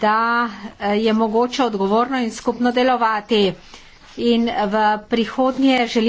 da eh, je mogoče odgovorno in skupno delovati. In v prihodnje želim.